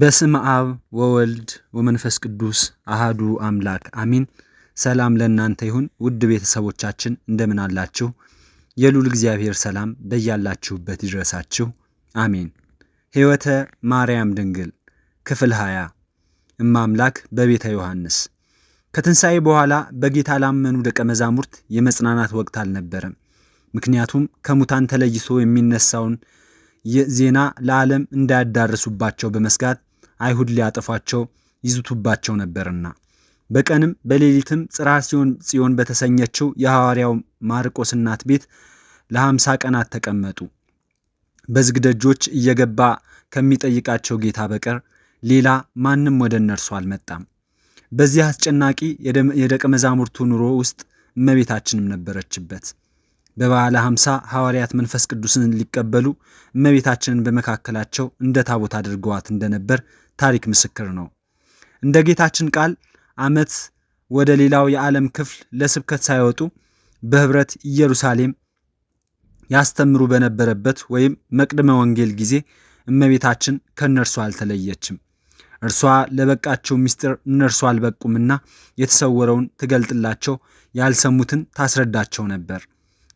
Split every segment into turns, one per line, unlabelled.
በስም አብ ወወልድ ወመንፈስ ቅዱስ አሃዱ አምላክ አሚን። ሰላም ለእናንተ ይሁን ውድ ቤተሰቦቻችን፣ እንደምን አላችሁ? የሉል እግዚአብሔር ሰላም በያላችሁበት ይድረሳችሁ፣ አሚን። ሕይወተ ማርያም ድንግል ክፍል 20 አምላክ በቤተ ዮሐንስ። ከትንሣኤ በኋላ በጌታ ላመኑ ደቀ መዛሙርት የመጽናናት ወቅት አልነበረም። ምክንያቱም ከሙታን ተለይቶ የሚነሳውን ዜና ለዓለም እንዳያዳርሱባቸው በመስጋት አይሁድ ሊያጠፏቸው ይዝቱባቸው ነበርና በቀንም በሌሊትም ጽርሐ ጽዮን በተሰኘችው የሐዋርያው ማርቆስ እናት ቤት ለሀምሳ ቀናት ተቀመጡ። በዝግ ደጆች እየገባ ከሚጠይቃቸው ጌታ በቀር ሌላ ማንም ወደ እነርሱ አልመጣም። በዚህ አስጨናቂ የደቀ መዛሙርቱ ኑሮ ውስጥ እመቤታችንም ነበረችበት። በበዓለ ሐምሳ ሐዋርያት መንፈስ ቅዱስን ሊቀበሉ እመቤታችንን በመካከላቸው እንደ ታቦት አድርገዋት እንደነበር ታሪክ ምስክር ነው። እንደ ጌታችን ቃል ዓመት ወደ ሌላው የዓለም ክፍል ለስብከት ሳይወጡ በኅብረት ኢየሩሳሌም ያስተምሩ በነበረበት ወይም መቅድመ ወንጌል ጊዜ እመቤታችን ከእነርሱ አልተለየችም። እርሷ ለበቃቸው ምስጢር እነርሱ አልበቁምና የተሰወረውን ትገልጥላቸው፣ ያልሰሙትን ታስረዳቸው ነበር።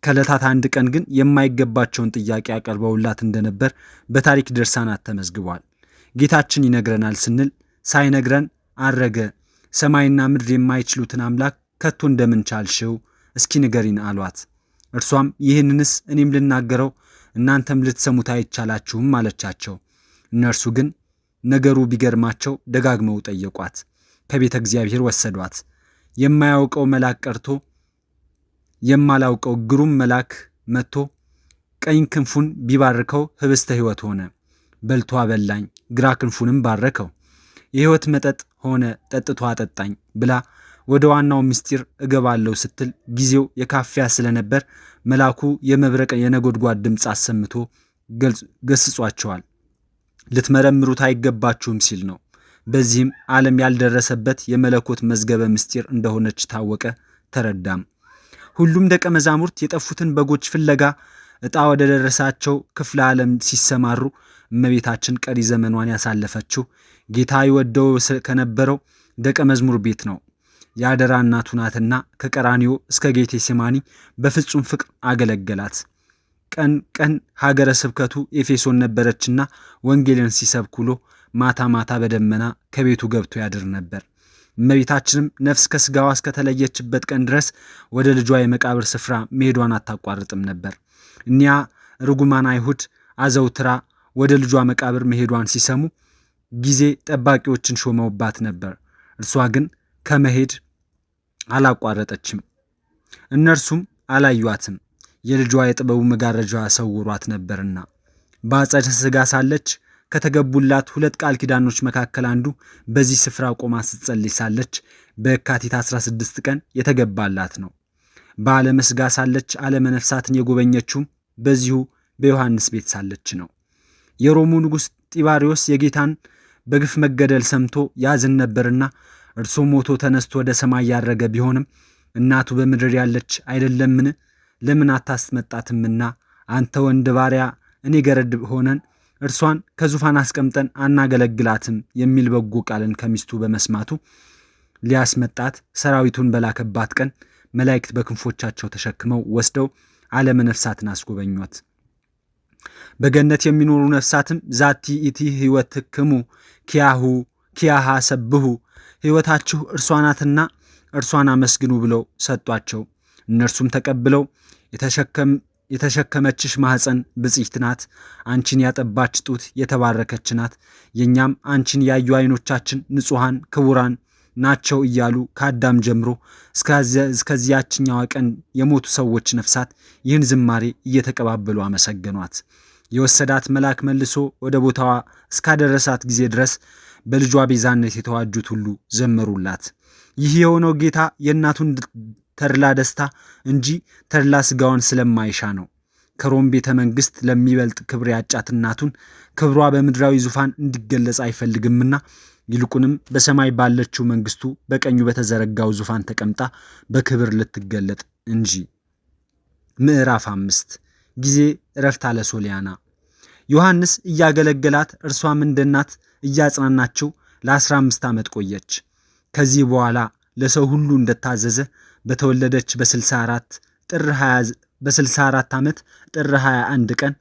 ከለታት አንድ ቀን ግን የማይገባቸውን ጥያቄ አቀርበውላት እንደነበር በታሪክ ድርሳናት ተመዝግቧል። ጌታችን ይነግረናል ስንል ሳይነግረን አረገ። ሰማይና ምድር የማይችሉትን አምላክ ከቶ እንደምን ቻልሽው? እስኪ ንገሪን አሏት። እርሷም ይህንንስ እኔም ልናገረው እናንተም ልትሰሙት አይቻላችሁም አለቻቸው። እነርሱ ግን ነገሩ ቢገርማቸው ደጋግመው ጠየቋት። ከቤተ እግዚአብሔር ወሰዷት። የማያውቀው መልአክ ቀርቶ የማላውቀው ግሩም መልአክ መጥቶ ቀኝ ክንፉን ቢባርከው ህብስተ ሕይወት ሆነ፣ በልቶ አበላኝ። ግራ ክንፉንም ባረከው፣ የሕይወት መጠጥ ሆነ፣ ጠጥቶ አጠጣኝ ብላ ወደ ዋናው ምስጢር እገባለሁ ስትል ጊዜው የካፊያ ስለነበር መልአኩ የመብረቅ የነጎድጓድ ድምፅ አሰምቶ ገስጿቸዋል። ልትመረምሩት አይገባችሁም ሲል ነው። በዚህም ዓለም ያልደረሰበት የመለኮት መዝገበ ምስጢር እንደሆነች ታወቀ፣ ተረዳም። ሁሉም ደቀ መዛሙርት የጠፉትን በጎች ፍለጋ እጣ ወደ ደረሳቸው ክፍለ ዓለም ሲሰማሩ እመቤታችን ቀሪ ዘመኗን ያሳለፈችው ጌታ ይወደው ከነበረው ደቀ መዝሙር ቤት ነው። የአደራ እናቱ ናትና ከቀራኒዮ እስከ ሲማኒ በፍጹም ፍቅር አገለገላት። ቀን ቀን ሀገረ ስብከቱ ኤፌሶን ነበረችና ወንጌልን ሲሰብክ ውሎ ማታ ማታ በደመና ከቤቱ ገብቶ ያድር ነበር። እመቤታችንም ነፍስ ከስጋዋ እስከተለየችበት ቀን ድረስ ወደ ልጇ የመቃብር ስፍራ መሄዷን አታቋርጥም ነበር። እኒያ ርጉማን አይሁድ አዘውትራ ወደ ልጇ መቃብር መሄዷን ሲሰሙ ጊዜ ጠባቂዎችን ሾመውባት ነበር። እርሷ ግን ከመሄድ አላቋረጠችም። እነርሱም አላዩዋትም፣ የልጇ የጥበቡ መጋረጃ ሰውሯት ነበርና በአጸደ ስጋ ሳለች ከተገቡላት ሁለት ቃል ኪዳኖች መካከል አንዱ በዚህ ስፍራ ቆማ ስትጸልይ ሳለች በየካቲት 16 ቀን የተገባላት ነው። በዓለመ ሥጋ ሳለች ዓለመ ነፍሳትን የጎበኘችውም በዚሁ በዮሐንስ ቤት ሳለች ነው። የሮሙ ንጉሥ ጢባሪዎስ የጌታን በግፍ መገደል ሰምቶ ያዝን ነበርና እርሱ ሞቶ ተነስቶ ወደ ሰማይ ያረገ ቢሆንም እናቱ በምድር ያለች አይደለምን? ለምን አታስመጣትምና አንተ ወንድ ባሪያ እኔ ገረድ ሆነን እርሷን ከዙፋን አስቀምጠን አናገለግላትም የሚል በጎ ቃልን ከሚስቱ በመስማቱ ሊያስመጣት ሰራዊቱን በላከባት ቀን መላእክት በክንፎቻቸው ተሸክመው ወስደው ዓለመ ነፍሳትን አስጎበኟት። በገነት የሚኖሩ ነፍሳትም ዛቲ ኢቲ ሕይወትክሙ ኪያሁ ኪያሃ ሰብሁ ህይወታችሁ እርሷናትና እርሷን አመስግኑ ብለው ሰጧቸው። እነርሱም ተቀብለው የተሸከመችሽ ማኅፀን ብፅዕት ናት። አንቺን ያጠባች ጡት የተባረከች ናት። የእኛም አንቺን ያዩ ዐይኖቻችን ንጹሐን ክቡራን ናቸው እያሉ ከአዳም ጀምሮ እስከዚያችኛዋ ቀን የሞቱ ሰዎች ነፍሳት ይህን ዝማሬ እየተቀባበሉ አመሰገኗት። የወሰዳት መልአክ መልሶ ወደ ቦታዋ እስካደረሳት ጊዜ ድረስ በልጇ ቤዛነት የተዋጁት ሁሉ ዘመሩላት። ይህ የሆነው ጌታ የእናቱን ተድላ ደስታ እንጂ ተድላ ስጋውን ስለማይሻ ነው። ከሮም ቤተ መንግስት ለሚበልጥ ክብር ያጫት እናቱን ክብሯ በምድራዊ ዙፋን እንዲገለጽ አይፈልግምና ይልቁንም በሰማይ ባለችው መንግስቱ በቀኙ በተዘረጋው ዙፋን ተቀምጣ በክብር ልትገለጥ እንጂ። ምዕራፍ አምስት ጊዜ እረፍት አለ ሶሊያና ዮሐንስ እያገለገላት እርሷም እንደ እናት እያጽናናቸው ለ15 ዓመት ቆየች። ከዚህ በኋላ ለሰው ሁሉ እንደታዘዘ በተወለደች በ64 ጥር በ64 ዓመት ጥር 21 ቀን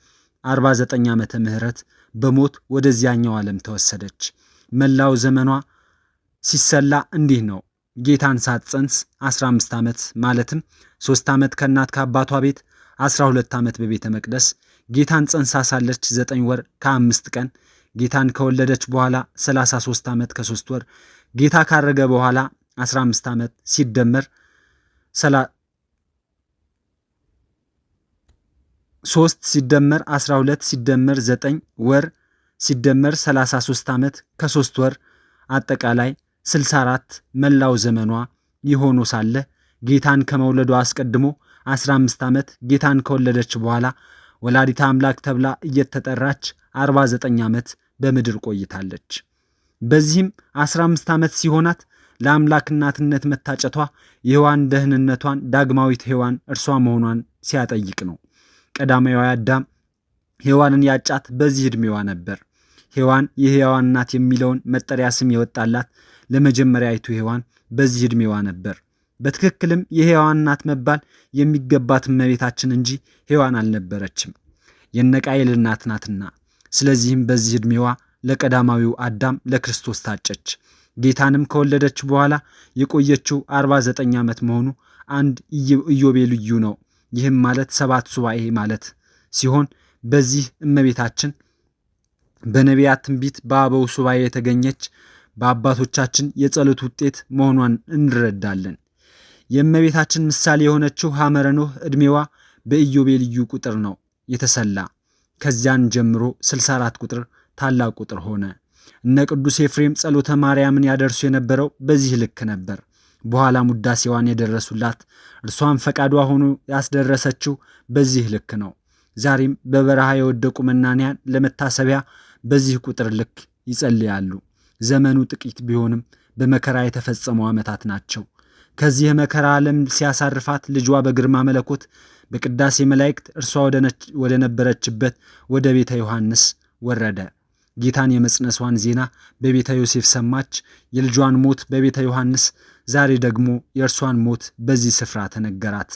49 ዓመተ ምህረት በሞት ወደዚያኛው ዓለም ተወሰደች። መላው ዘመኗ ሲሰላ እንዲህ ነው። ጌታን ሳትጸንስ 15 ዓመት ማለትም 3 ዓመት ከእናት ከአባቷ ቤት 12 ዓመት በቤተ መቅደስ ጌታን ጸንሳ ሳለች 9 ወር ከ5 ቀን ጌታን ከወለደች በኋላ 33 ዓመት ከ3 ወር ጌታ ካረገ በኋላ 15 ዓመት ሲደመር ሶስት ሲደመር 12 ሲደመር 9 ወር ሲደመር 33 ዓመት ከሶስት ወር አጠቃላይ 64 መላው ዘመኗ የሆኖ ሳለ ጌታን ከመውለዷ አስቀድሞ 15 ዓመት ጌታን ከወለደች በኋላ ወላዲታ አምላክ ተብላ እየተጠራች 49 ዓመት በምድር ቆይታለች። በዚህም 15 ዓመት ሲሆናት ለአምላክ እናትነት መታጨቷ የሔዋን ደህንነቷን ዳግማዊት ሔዋን እርሷ መሆኗን ሲያጠይቅ ነው። ቀዳማዊ አዳም ሔዋንን ያጫት በዚህ ዕድሜዋ ነበር። ሔዋን የሕያዋን እናት የሚለውን መጠሪያ ስም የወጣላት ለመጀመሪያይቱ ሔዋን በዚህ ዕድሜዋ ነበር። በትክክልም የሕያዋን እናት መባል የሚገባት እመቤታችን እንጂ ሔዋን አልነበረችም። የነቃኤል እናት ናትና። ስለዚህም በዚህ ዕድሜዋ ለቀዳማዊው አዳም ለክርስቶስ ታጨች። ጌታንም ከወለደች በኋላ የቆየችው 49 ዓመት መሆኑ አንድ ኢዮቤ ልዩ ነው። ይህም ማለት ሰባት ሱባኤ ማለት ሲሆን በዚህ እመቤታችን በነቢያት ትንቢት በአበው ሱባኤ የተገኘች በአባቶቻችን የጸሎት ውጤት መሆኗን እንረዳለን። የእመቤታችን ምሳሌ የሆነችው ሐመረ ኖህ ዕድሜዋ በኢዮቤ ልዩ ቁጥር ነው የተሰላ። ከዚያን ጀምሮ 64 ቁጥር ታላቅ ቁጥር ሆነ። እነ ቅዱስ ኤፍሬም ጸሎተ ማርያምን ያደርሱ የነበረው በዚህ ልክ ነበር። በኋላም ውዳሴዋን የደረሱላት እርሷን ፈቃዷ ሆኖ ያስደረሰችው በዚህ ልክ ነው። ዛሬም በበረሃ የወደቁ መናንያን ለመታሰቢያ በዚህ ቁጥር ልክ ይጸልያሉ። ዘመኑ ጥቂት ቢሆንም በመከራ የተፈጸሙ ዓመታት ናቸው። ከዚህ የመከራ ዓለም ሲያሳርፋት ልጇ በግርማ መለኮት በቅዳሴ መላእክት እርሷ ወደ ነበረችበት ወደ ቤተ ዮሐንስ ወረደ። ጌታን የመጽነሷን ዜና በቤተ ዮሴፍ ሰማች። የልጇን ሞት በቤተ ዮሐንስ፣ ዛሬ ደግሞ የእርሷን ሞት በዚህ ስፍራ ተነገራት።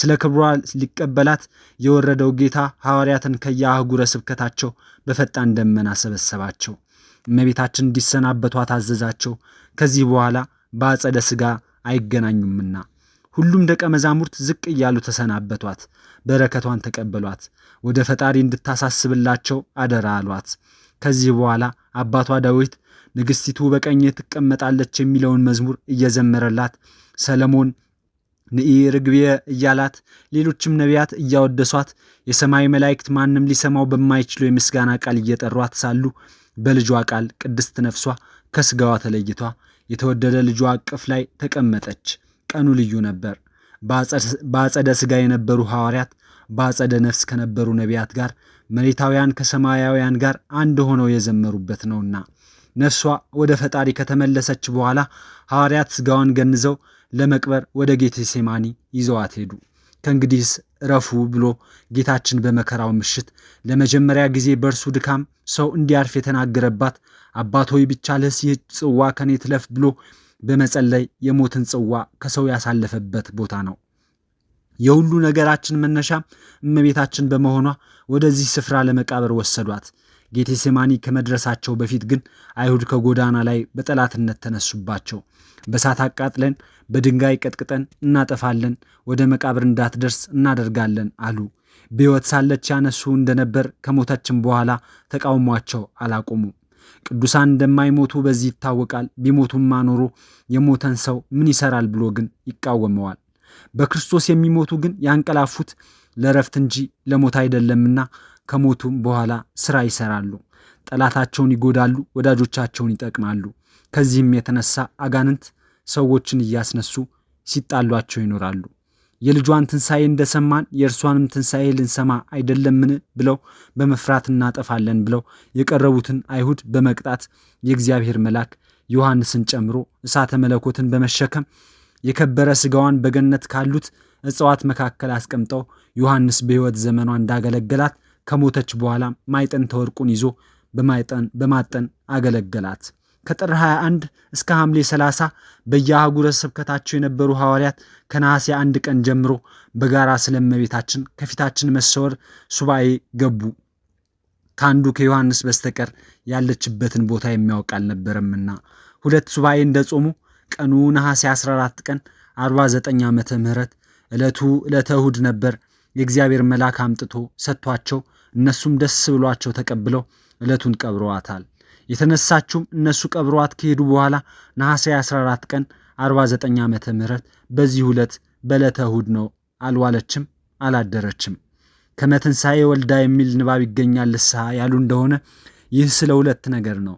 ስለ ክብሯ ሊቀበላት የወረደው ጌታ ሐዋርያትን ከየአህጉረ ስብከታቸው በፈጣን ደመና ሰበሰባቸው። እመቤታችን እንዲሰናበቷ ታዘዛቸው። ከዚህ በኋላ በአጸደ ሥጋ አይገናኙምና ሁሉም ደቀ መዛሙርት ዝቅ እያሉ ተሰናበቷት። በረከቷን ተቀበሏት። ወደ ፈጣሪ እንድታሳስብላቸው አደራ አሏት። ከዚህ በኋላ አባቷ ዳዊት ንግሥቲቱ በቀኝ ትቀመጣለች የሚለውን መዝሙር እየዘመረላት ሰለሞን ንኢ ርግቤ እያላት ሌሎችም ነቢያት እያወደሷት የሰማይ መላእክት ማንም ሊሰማው በማይችለው የምስጋና ቃል እየጠሯት ሳሉ በልጇ ቃል ቅድስት ነፍሷ ከስጋዋ ተለይቷ የተወደደ ልጇ እቅፍ ላይ ተቀመጠች። ቀኑ ልዩ ነበር። በአጸደ ሥጋ የነበሩ ሐዋርያት በአጸደ ነፍስ ከነበሩ ነቢያት ጋር መሬታውያን ከሰማያውያን ጋር አንድ ሆነው የዘመሩበት ነውና ነፍሷ ወደ ፈጣሪ ከተመለሰች በኋላ ሐዋርያት ሥጋዋን ገንዘው ለመቅበር ወደ ጌቴሴማኒ ይዘዋት ሄዱ። ከእንግዲህስ እረፉ ብሎ ጌታችን በመከራው ምሽት ለመጀመሪያ ጊዜ በእርሱ ድካም ሰው እንዲያርፍ የተናገረባት አባት ሆይ ቢቻልህስ ይህ ጽዋ ከኔ ትለፍ ብሎ በመጸለይ የሞትን ጽዋ ከሰው ያሳለፈበት ቦታ ነው። የሁሉ ነገራችን መነሻ እመቤታችን በመሆኗ ወደዚህ ስፍራ ለመቃብር ወሰዷት። ጌቴሴማኒ ከመድረሳቸው በፊት ግን አይሁድ ከጎዳና ላይ በጠላትነት ተነሱባቸው። በሳት አቃጥለን በድንጋይ ቀጥቅጠን እናጠፋለን፣ ወደ መቃብር እንዳትደርስ እናደርጋለን አሉ። በሕይወት ሳለች ያነሱ እንደነበር ከሞተችም በኋላ ተቃውሟቸው አላቆሙ። ቅዱሳን እንደማይሞቱ በዚህ ይታወቃል። ቢሞቱም ማኖሩ የሞተን ሰው ምን ይሰራል ብሎ ግን ይቃወመዋል። በክርስቶስ የሚሞቱ ግን ያንቀላፉት ለረፍት እንጂ ለሞት አይደለምና ከሞቱም በኋላ ስራ ይሰራሉ። ጠላታቸውን ይጎዳሉ፣ ወዳጆቻቸውን ይጠቅማሉ። ከዚህም የተነሳ አጋንንት ሰዎችን እያስነሱ ሲጣሏቸው ይኖራሉ። የልጇን ትንሣኤ እንደሰማን የእርሷንም ትንሣኤ ልንሰማ አይደለምን ብለው በመፍራት እናጠፋለን ብለው የቀረቡትን አይሁድ በመቅጣት የእግዚአብሔር መልአክ ዮሐንስን ጨምሮ እሳተ መለኮትን በመሸከም የከበረ ሥጋዋን በገነት ካሉት እጽዋት መካከል አስቀምጠው ዮሐንስ በሕይወት ዘመኗ እንዳገለገላት ከሞተች በኋላ ማይጠን ተወርቁን ይዞ በማጠን አገለገላት። ከጥር 21 እስከ ሐምሌ 30 በየአህጉረ ስብከታቸው የነበሩ ሐዋርያት ከነሐሴ አንድ ቀን ጀምሮ በጋራ ስለመቤታችን ከፊታችን መሰወር ሱባኤ ገቡ። ከአንዱ ከዮሐንስ በስተቀር ያለችበትን ቦታ የሚያውቅ አልነበረምና ሁለት ሱባኤ እንደጾሙ ቀኑ ነሐሴ 14 ቀን 49 ዓመተ ምህረት ዕለቱ ዕለተ እሁድ ነበር። የእግዚአብሔር መልአክ አምጥቶ ሰጥቷቸው እነሱም ደስ ብሏቸው ተቀብለው ዕለቱን ቀብረዋታል። የተነሳችውም እነሱ ቀብረዋት ከሄዱ በኋላ ነሐሴ 14 ቀን 49 ዓመተ ምህረት በዚህ ዕለት በዕለተ እሁድ ነው። አልዋለችም አላደረችም። ከመትንሣኤ ወልዳ የሚል ንባብ ይገኛል። ልስሐ ያሉ እንደሆነ ይህ ስለ ሁለት ነገር ነው።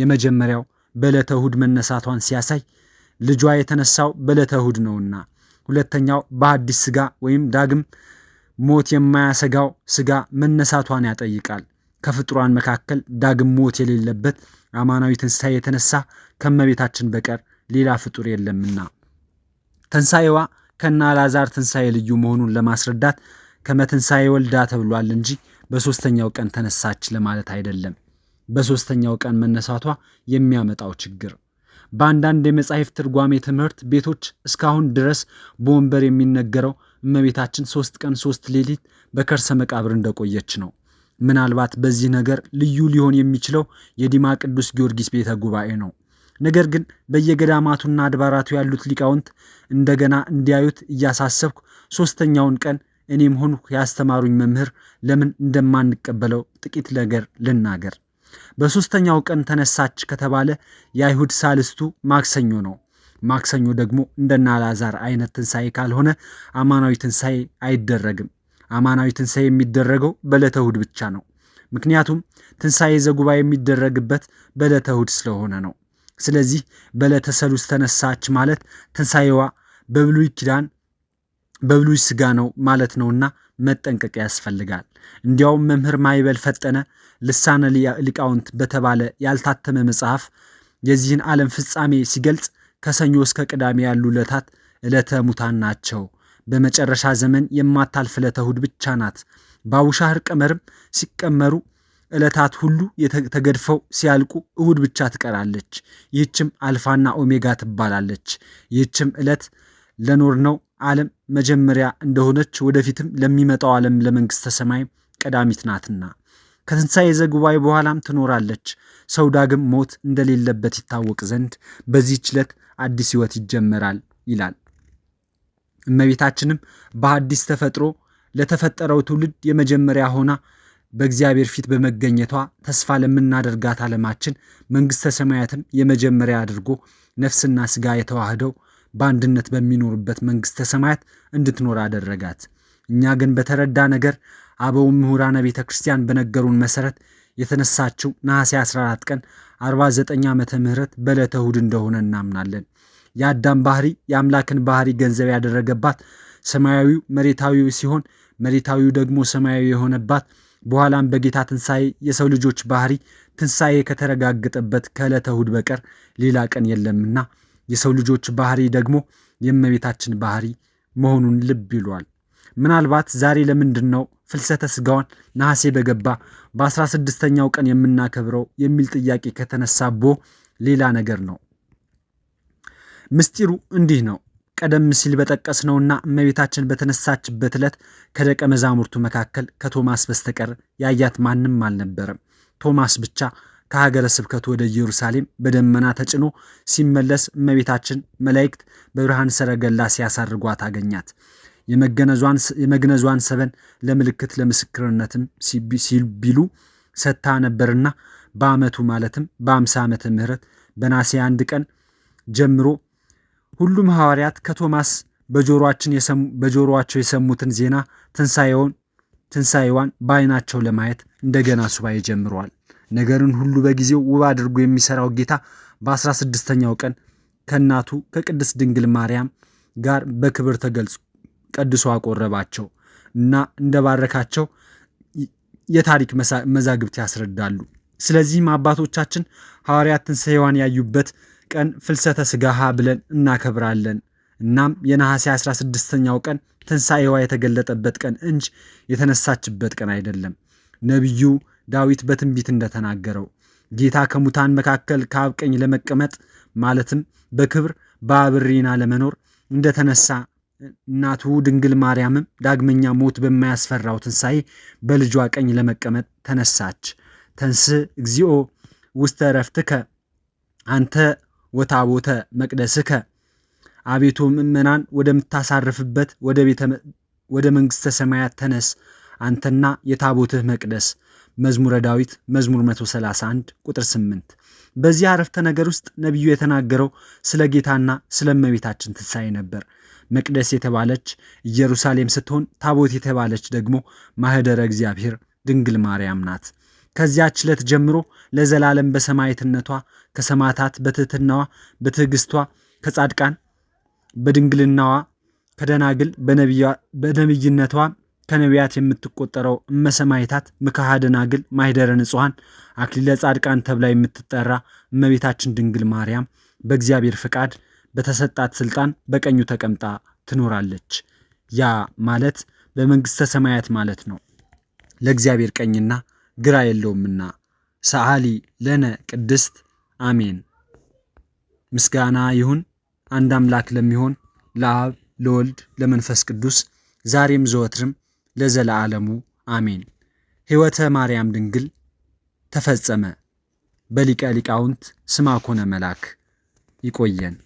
የመጀመሪያው በዕለተ እሁድ መነሳቷን ሲያሳይ ልጇ የተነሳው በዕለተ እሁድ ነውና። ሁለተኛው በአዲስ ስጋ ወይም ዳግም ሞት የማያሰጋው ስጋ መነሳቷን ያጠይቃል። ከፍጡራን መካከል ዳግም ሞት የሌለበት አማናዊ ትንሣኤ የተነሳ ከመቤታችን በቀር ሌላ ፍጡር የለምና። ትንሣኤዋ ከና አልዓዛር ትንሣኤ ልዩ መሆኑን ለማስረዳት ከመትንሣኤ ወልዳ ተብሏል እንጂ በሦስተኛው ቀን ተነሳች ለማለት አይደለም። በሦስተኛው ቀን መነሳቷ የሚያመጣው ችግር በአንዳንድ የመጽሐፍ ትርጓሜ ትምህርት ቤቶች እስካሁን ድረስ በወንበር የሚነገረው እመቤታችን ሶስት ቀን ሶስት ሌሊት በከርሰ መቃብር እንደቆየች ነው። ምናልባት በዚህ ነገር ልዩ ሊሆን የሚችለው የዲማ ቅዱስ ጊዮርጊስ ቤተ ጉባኤ ነው። ነገር ግን በየገዳማቱና አድባራቱ ያሉት ሊቃውንት እንደገና እንዲያዩት እያሳሰብኩ ሶስተኛውን ቀን እኔም ሆንኩ ያስተማሩኝ መምህር ለምን እንደማንቀበለው ጥቂት ነገር ልናገር። በሦስተኛው ቀን ተነሳች ከተባለ የአይሁድ ሳልስቱ ማክሰኞ ነው። ማክሰኞ ደግሞ እንደና አልዓዛር አይነት ትንሣኤ ካልሆነ አማናዊ ትንሣኤ አይደረግም። አማናዊ ትንሣኤ የሚደረገው በዕለተ ብቻ ነው። ምክንያቱም ትንሣኤ ዘጉባኤ የሚደረግበት በዕለተ ስለሆነ ነው። ስለዚህ በዕለተ ሰሉስ ተነሳች ማለት ትንሣኤዋ በብሉይ ኪዳን በብሉይ ሥጋ ነው ማለት ነውና መጠንቀቅ ያስፈልጋል። እንዲያውም መምህር ማይበል ፈጠነ ልሳነ ሊቃውንት በተባለ ያልታተመ መጽሐፍ የዚህን ዓለም ፍጻሜ ሲገልጽ ከሰኞ እስከ ቅዳሜ ያሉ ዕለታት ዕለተ ሙታን ናቸው። በመጨረሻ ዘመን የማታልፍ ዕለተ እሁድ ብቻ ናት። በአቡሻህር ቀመርም ሲቀመሩ ዕለታት ሁሉ ተገድፈው ሲያልቁ እሁድ ብቻ ትቀራለች። ይህችም አልፋና ኦሜጋ ትባላለች። ይህችም ዕለት ለኖርነው ዓለም መጀመሪያ እንደሆነች ወደፊትም ለሚመጣው ዓለም ለመንግሥተ ሰማይ ቀዳሚት ናትና ከትንሣኤ ዘጉባኤ በኋላም ትኖራለች። ሰው ዳግም ሞት እንደሌለበት ይታወቅ ዘንድ በዚህች ዕለት አዲስ ሕይወት ይጀመራል ይላል። እመቤታችንም በአዲስ ተፈጥሮ ለተፈጠረው ትውልድ የመጀመሪያ ሆና በእግዚአብሔር ፊት በመገኘቷ ተስፋ ለምናደርጋት ዓለማችን መንግሥተ ሰማያትም የመጀመሪያ አድርጎ ነፍስና ሥጋ የተዋህደው በአንድነት በሚኖርበት መንግሥተ ሰማያት እንድትኖር አደረጋት። እኛ ግን በተረዳ ነገር አበው ምሁራነ ቤተ ክርስቲያን በነገሩን መሰረት የተነሳችው ነሐሴ 14 ቀን 49 ዓመተ ምህረት በዕለተ እሑድ እንደሆነ እናምናለን። የአዳም ባህሪ የአምላክን ባህሪ ገንዘብ ያደረገባት ሰማያዊው መሬታዊው ሲሆን መሬታዊው ደግሞ ሰማያዊ የሆነባት በኋላም በጌታ ትንሣኤ የሰው ልጆች ባህሪ ትንሣኤ ከተረጋገጠበት ከዕለተ እሁድ በቀር ሌላ ቀን የለምና የሰው ልጆች ባህሪ ደግሞ የእመቤታችን ባህሪ መሆኑን ልብ ይሏል። ምናልባት ዛሬ ለምንድን ነው ፍልሰተ ስጋዋን ነሐሴ በገባ በአስራ ስድስተኛው ቀን የምናከብረው የሚል ጥያቄ ከተነሳቦ ሌላ ነገር ነው። ምስጢሩ እንዲህ ነው። ቀደም ሲል በጠቀስነውና እመቤታችን በተነሳችበት ዕለት ከደቀ መዛሙርቱ መካከል ከቶማስ በስተቀር ያያት ማንም አልነበረም። ቶማስ ብቻ ከሀገረ ስብከቱ ወደ ኢየሩሳሌም በደመና ተጭኖ ሲመለስ እመቤታችን መላእክት በብርሃን ሰረገላ ሲያሳርጓት አገኛት። የመግነዟን ሰበን ለምልክት ለምስክርነትም ሲቢሉ ሰታ ነበርና በአመቱ ማለትም በአምሳ ዓመተ ምህረት በናሴ አንድ ቀን ጀምሮ ሁሉም ሐዋርያት ከቶማስ በጆሮቸው የሰሙትን ዜና ትንሣኤውን ትንሣኤዋን በዓይናቸው ለማየት እንደገና ሱባኤ ጀምረዋል። ነገርን ሁሉ በጊዜው ውብ አድርጎ የሚሠራው ጌታ በአስራ ስድስተኛው ቀን ከእናቱ ከቅድስት ድንግል ማርያም ጋር በክብር ተገልጾ ቀድሶ አቆረባቸው እና እንደባረካቸው የታሪክ መዛግብት ያስረዳሉ። ስለዚህም አባቶቻችን ሐዋርያት ትንሣኤዋን ያዩበት ቀን ፍልሰተ ሥጋሃ ብለን እናከብራለን። እናም የነሐሴ 16ኛው ቀን ትንሣኤዋ የተገለጠበት ቀን እንጂ የተነሳችበት ቀን አይደለም። ነቢዩ ዳዊት በትንቢት እንደተናገረው ጌታ ከሙታን መካከል ከአብ ቀኝ ለመቀመጥ ማለትም በክብር በአብሪና ለመኖር እንደተነሳ እናቱ ድንግል ማርያምም ዳግመኛ ሞት በማያስፈራው ትንሣኤ በልጇ ቀኝ ለመቀመጥ ተነሳች። ተንስ እግዚኦ ውስተ ረፍትከ አንተ ወታቦተ መቅደስከ አቤቱ ምእመናን ወደምታሳርፍበት ወደ መንግሥተ ሰማያት ተነስ አንተና የታቦትህ መቅደስ። መዝሙረ ዳዊት መዝሙር 131 ቁጥር 8። በዚህ አረፍተ ነገር ውስጥ ነቢዩ የተናገረው ስለ ጌታና ስለ እመቤታችን ትንሣኤ ነበር። መቅደስ የተባለች ኢየሩሳሌም ስትሆን ታቦት የተባለች ደግሞ ማህደረ እግዚአብሔር ድንግል ማርያም ናት። ከዚያች ዕለት ጀምሮ ለዘላለም በሰማዕትነቷ ከሰማዕታት በትሕትናዋ በትዕግስቷ ከጻድቃን በድንግልናዋ ከደናግል በነቢይነቷ ከነቢያት የምትቆጠረው እመሰማይታት ምካሃ ደናግል ማይደረ ንጹሐን አክሊለ ጻድቃን ተብላ የምትጠራ እመቤታችን ድንግል ማርያም በእግዚአብሔር ፍቃድ በተሰጣት ስልጣን በቀኙ ተቀምጣ ትኖራለች። ያ ማለት በመንግሥተ ሰማያት ማለት ነው። ለእግዚአብሔር ቀኝና ግራ የለውምና። ሰዓሊ ለነ ቅድስት አሜን። ምስጋና ይሁን አንድ አምላክ ለሚሆን ለአብ ለወልድ ለመንፈስ ቅዱስ ዛሬም ዘወትርም ለዘለዓለሙ አሜን። ሕይወተ ማርያም ድንግል ተፈጸመ በሊቀ ሊቃውንት ስማኮነ መልአክ። ይቆየን።